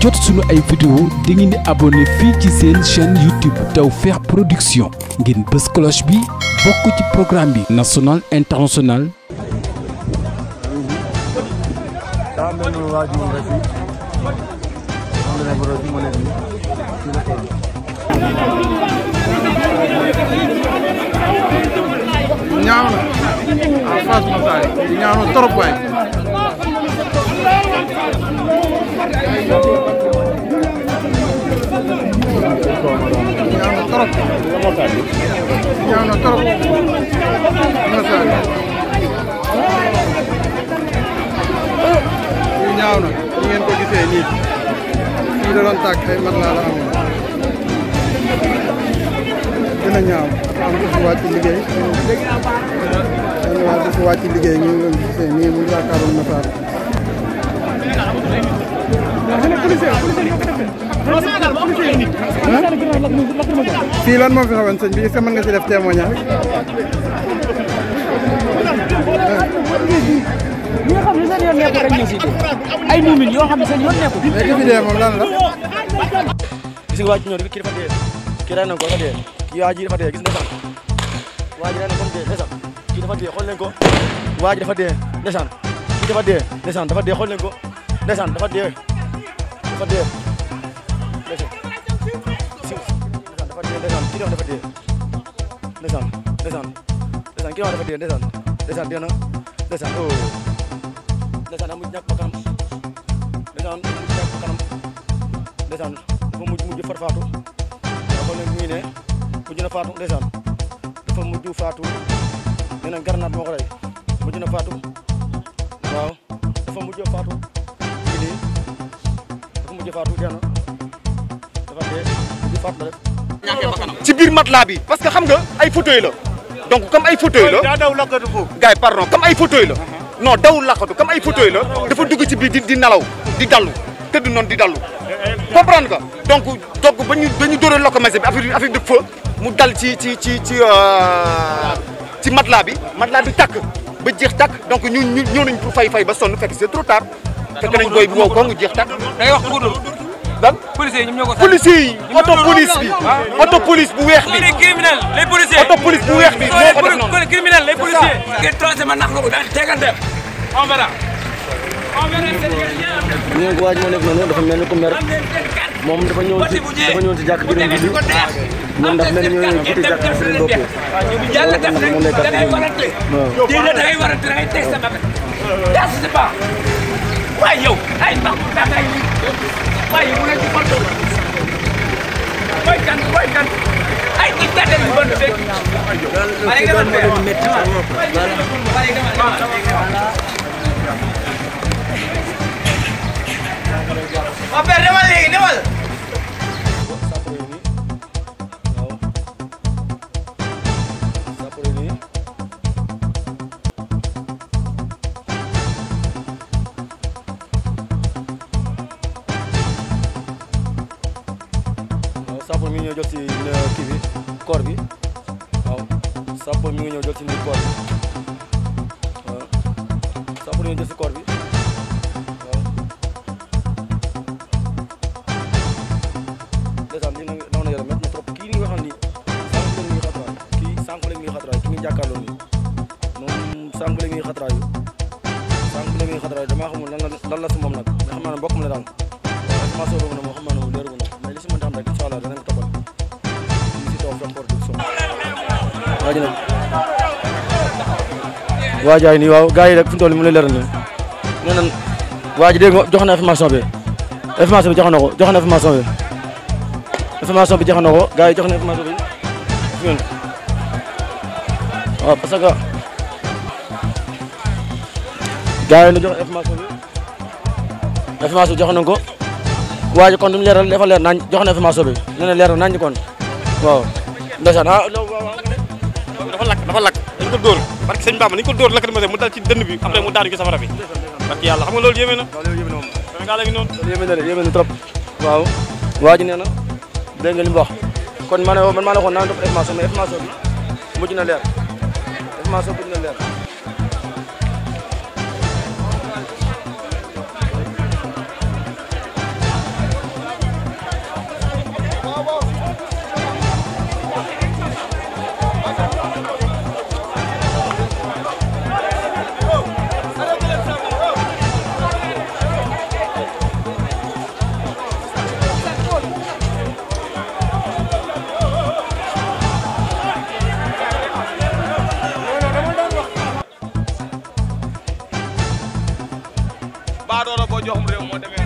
jot suñu ay vidéo da ngeen di fii ci seen chaîne YouTube Tawfekh Production ngeen bës cloche bi bokk ci programme bi national international ñaaw na trop. ñaaw na trop. ñu ñaaw na ñu ngeen ko gisee nii fii da doon tàkk ay mat laa la amoon gën a ñaaw am na su wàcc liggéey am na su wàcc liggéey ñu ngi doon gisee nii mu yaakaaroon na fii lan moo fi xawoon sëñ bi est-ce que mën nga ci def témoignage. ñi nga xam ne seen yoon nekkul rek ñoo siy def ay muumin yoo xam ne seen yoon nekkul. mais li fi dee moom lan la. gis nga waa ji ñëw kii dafa dee kii rey nañ ko dafa dee kii waa ji dafa dee gis nga ndeysaan waa ji rey nañ ko dee ndeysaan kii dafa dee xool leen ko waa ji dafa dee ndeysaan kii dafa dee ndeysaan dafa dee xool leen ko ndeysaan dafa dee dafa dee. ndeysaan kii dafa dee ndeysaan ndeysaan ndeysaan kii dafa dee ndeysaan ndeysaan dee na ndeysaan oh ndeysaan amu ñàkk ba kanam ndeysaan amu ñàkk ba kanam ndeysaan dafa mujj mujj far faatu dafa ne ñu ne mujj na faatu ndeysaan dafa mujj faatu nee na garnaat moo ko rey mujj na faatu waaw dafa mujj faatu kii nii dafa mujj faatu dee na dafa dee mujj faatu la rek ci biir matelas bi parce que xam nga ay fauteuil la donc comme ay fauteuil la gars yi pardon comme ay fauteuil la non dawul laqatu comme ay fauteuil la dafa dugg ci biir di di nalaw di dallu tëdd noonu di dallu comprendre nga donc donc ba ñu ba ñu dóoree locomotion bi affaire affaire de mu dal ci ci ci ci euh, ci matelas bi matelas bi tàkk ba jeex tàkk donc ñun ñu ñëw nañ pour fay fay ba sonn fekk c'est trop tard fekk nañ booy bi wow ko jeex tàkk lan policiers yi ñoom ñoo ko policiers yi oto police bi oto ah. police bu weex bi criminel les policiers oto police bu weex bi moo ko def noonu criminel les policiers ngeen tracé ma nax la ko da tegante on verra ñu ne ko waaj moo nekk noonu dafa mel ni ku mer moom dafa ñëwoon ci dafa ñëwoon ci jàkk bi doon julli ñoom ndax mel ni ñoo ñëw jiite jàkk bi doon doppee loolu nag moom nekk ak moom dégg nga da ngay war a da ngay teg sa bakkan das c'est pas waaye yow ay baax ay bàyyi mu ne ci xol booy kan booy kan ay nit gàttal ñu bon fekk. ñëw jël si kii koor bi sappo mi ngi ñëw jël koor bi sappo mi ngi ñëw jël koor bi waajaay nii waaw gars yi rek fu mu toll mu ne nee nan waa ji dégg nga jox na information bi information bi jox na ko jox na information bi information bi jox na ko gars yi jox na information bi que gars yi ñu jox information bi information nañ ko waa kon du mu leeral dafa leer nañ jox na information bi nee na ko dóor barke sëñ Bamba ni ñu ko dóor lakkat ma mu dal ci dënn bi après mu daanu ci safara bi barke yàlla xam nga loolu yéeme na Sénégal la ngi noonu yéeme na yéeme na trop waaw waa ji nee na dégg nga li mu wax kon man man maa ne ko naan def information mais information bi mujj na leer information mujj na leer moo joxum réew moo demee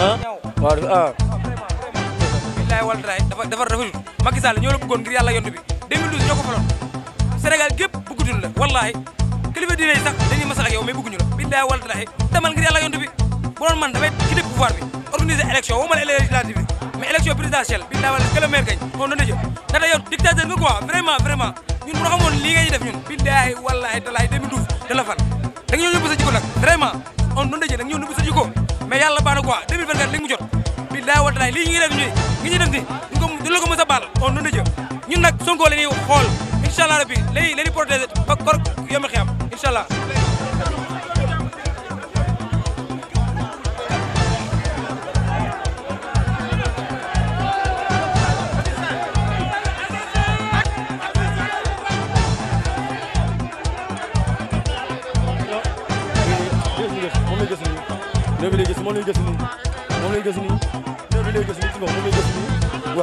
ah. waaw ah. bilaay wal dafa dafa rafetlu Macky Sall ñoo la bëggoon ngir yàlla yontu bi 2012 ñoo ko faloon Sénégal gépp bëggutuñu la wallaahi kilifa diine yi sax dañuy masax ak yow mais bëgguñu la billaay walaahi demal ngir yàlla yontu man damay ci dëkk bi organiser élection woo ma la législative mais élection présidentielle billaay wala que le maire gañ moom dana jël dana yow dictateur nga quoi vraiment vraiment ñun bu xamoon lii la fan da nga ñëw nëbb sa jikko daa war a lii ñu ngi def nii ngi ñu def nii ñu ko du la ko mës a baal on Sonko la ñuy xool incha allah rabbi lay lay ba kor yomb xiyam incha allah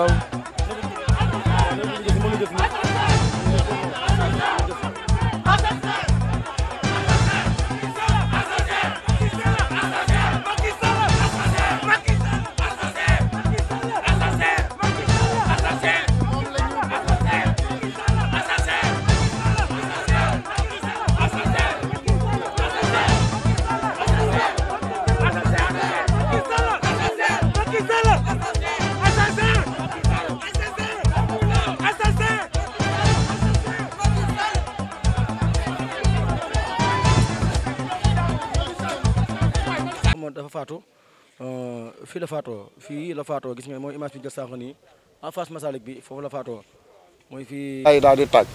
Ciao faatoo euh, fii la faatoo fii la faatoo gis nga mooy image bi jël nii en face Masalik bi foofu la faatoo mooy fii. ay daal di tàkk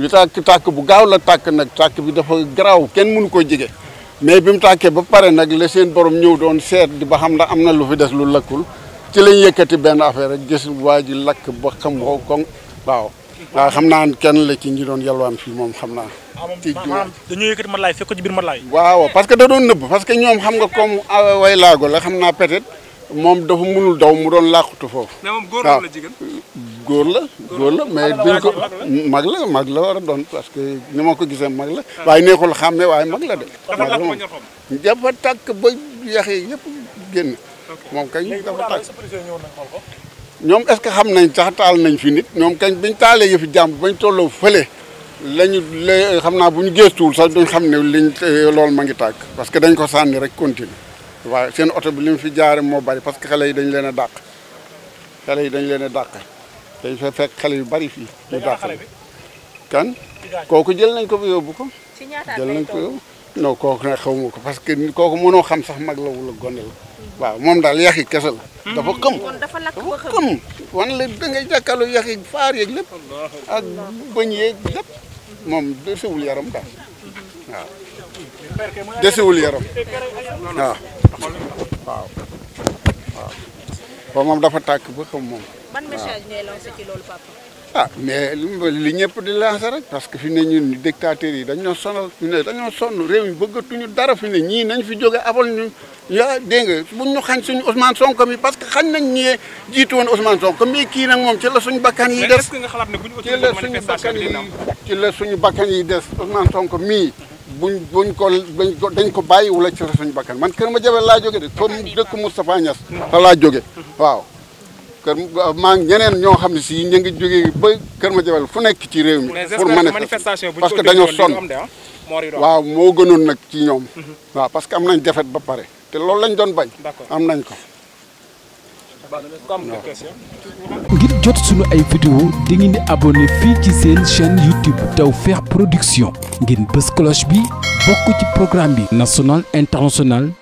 ñu tàkk tàkk bu gaaw la tàkk nag tàkk bi dafa garaaw kenn mënu koo jege mais bi mu tàkkee ba pare nag la seen boroom ñëw doon seet di ba xam na am na lu fi des lu lakkul ci lañ yëkkati benn affaire rek gis waa ji lakk ba xam ko koŋ waaw. waaw xam naa kenn la ci ñi doon yalwaan fii moom xam naa. Ah, ci maanaam dañoo yëkkati matelas fekk ko ci biir matelas yi. waaw parce que da doon nëbb parce que ñoom xam nga comme ah, way laago la xam naa peut moom dafa mënul daw mu doon làqutu foofu. mais góor la wala góor la góor la mais duñ ko mag la mag la war a doon parce que ni ma ko gisee mag la waaye neexul xàmme waaye mag la de. mag la moom dafa tàkk ba yax yi yëpp génn. moom kay dafa tàkk ñoom est-ce que xam nañ sax taal nañ fi nit ñoom kañ biñ taalee yëfi jàmm bañ tolloo fële lañu la xam naa bu ñu gëstuwul sax duñ xam ne liñ loolu ma ngi tàkk parce que dañ ko sànni rek continue waaw seen oto bi li mu fi jaare moo bari parce que xale yi dañ leen a dàq xale yi dañ leen a dàq dañ fa fekk xale yu bari fii ñu dàq kan kooku jël nañ ko bu yóbbu ko jël nañ ko yóbbu non kooku nag xaw ma ko parce que kooku mënoo xam sax mag la wala gone la waaw moom daal yaxi yi kese la. dafa xëm mm-hmm. dafa xëm. wan la da ngay jàkkaarloo yax yi faar yeeg lépp ak bëñ yeeg lépp moom desewul yaram daal waaw desewul yaram waaw waaw waaw. moom dafa tàkk ba xam moom. ah mais li ñëpp di lancer rek parce que fi ne ñun dictateurs yi dañoo sonal fi ne dañoo sonn réew yi bëggatuñu dara fi ne ñii nañ fi jóge abal ñu yaa dégg nga buñ ñu xañ suñu Ousmane Sonko mi parce que xañ nañ ñee jiitu woon Ousmane Sonko mais kii nag moom ci la suñu bakkan yi des ci la suñu bakkan yi ci la suñu bakkan yi des Ousmane Sonko mii buñ buñ ko dañ ko dañ ko bàyyi wala ci la suñu bakkan man kër ma jabel laa jóge de comme dëkk Moustapha Niass fa laa jóge waaw kër ah, maa ngi ñeneen ñoo xam ne si ñu ngi jógee ba Kër Madiabel fu nekk ci réew mi. pour manifestation parce que dañoo sonn ah, waaw moo gënoon nag ci ñoom. Mhm. waaw parce que am nañ defet ba pare te lool lañu doon bañ. am nañ ko. ngir jot suñu ay vidéo di ngeen di abonné fii ci seen chaîne YouTube Tawfekh Production ngeen bës cloche bi bokk ci programme bi national international.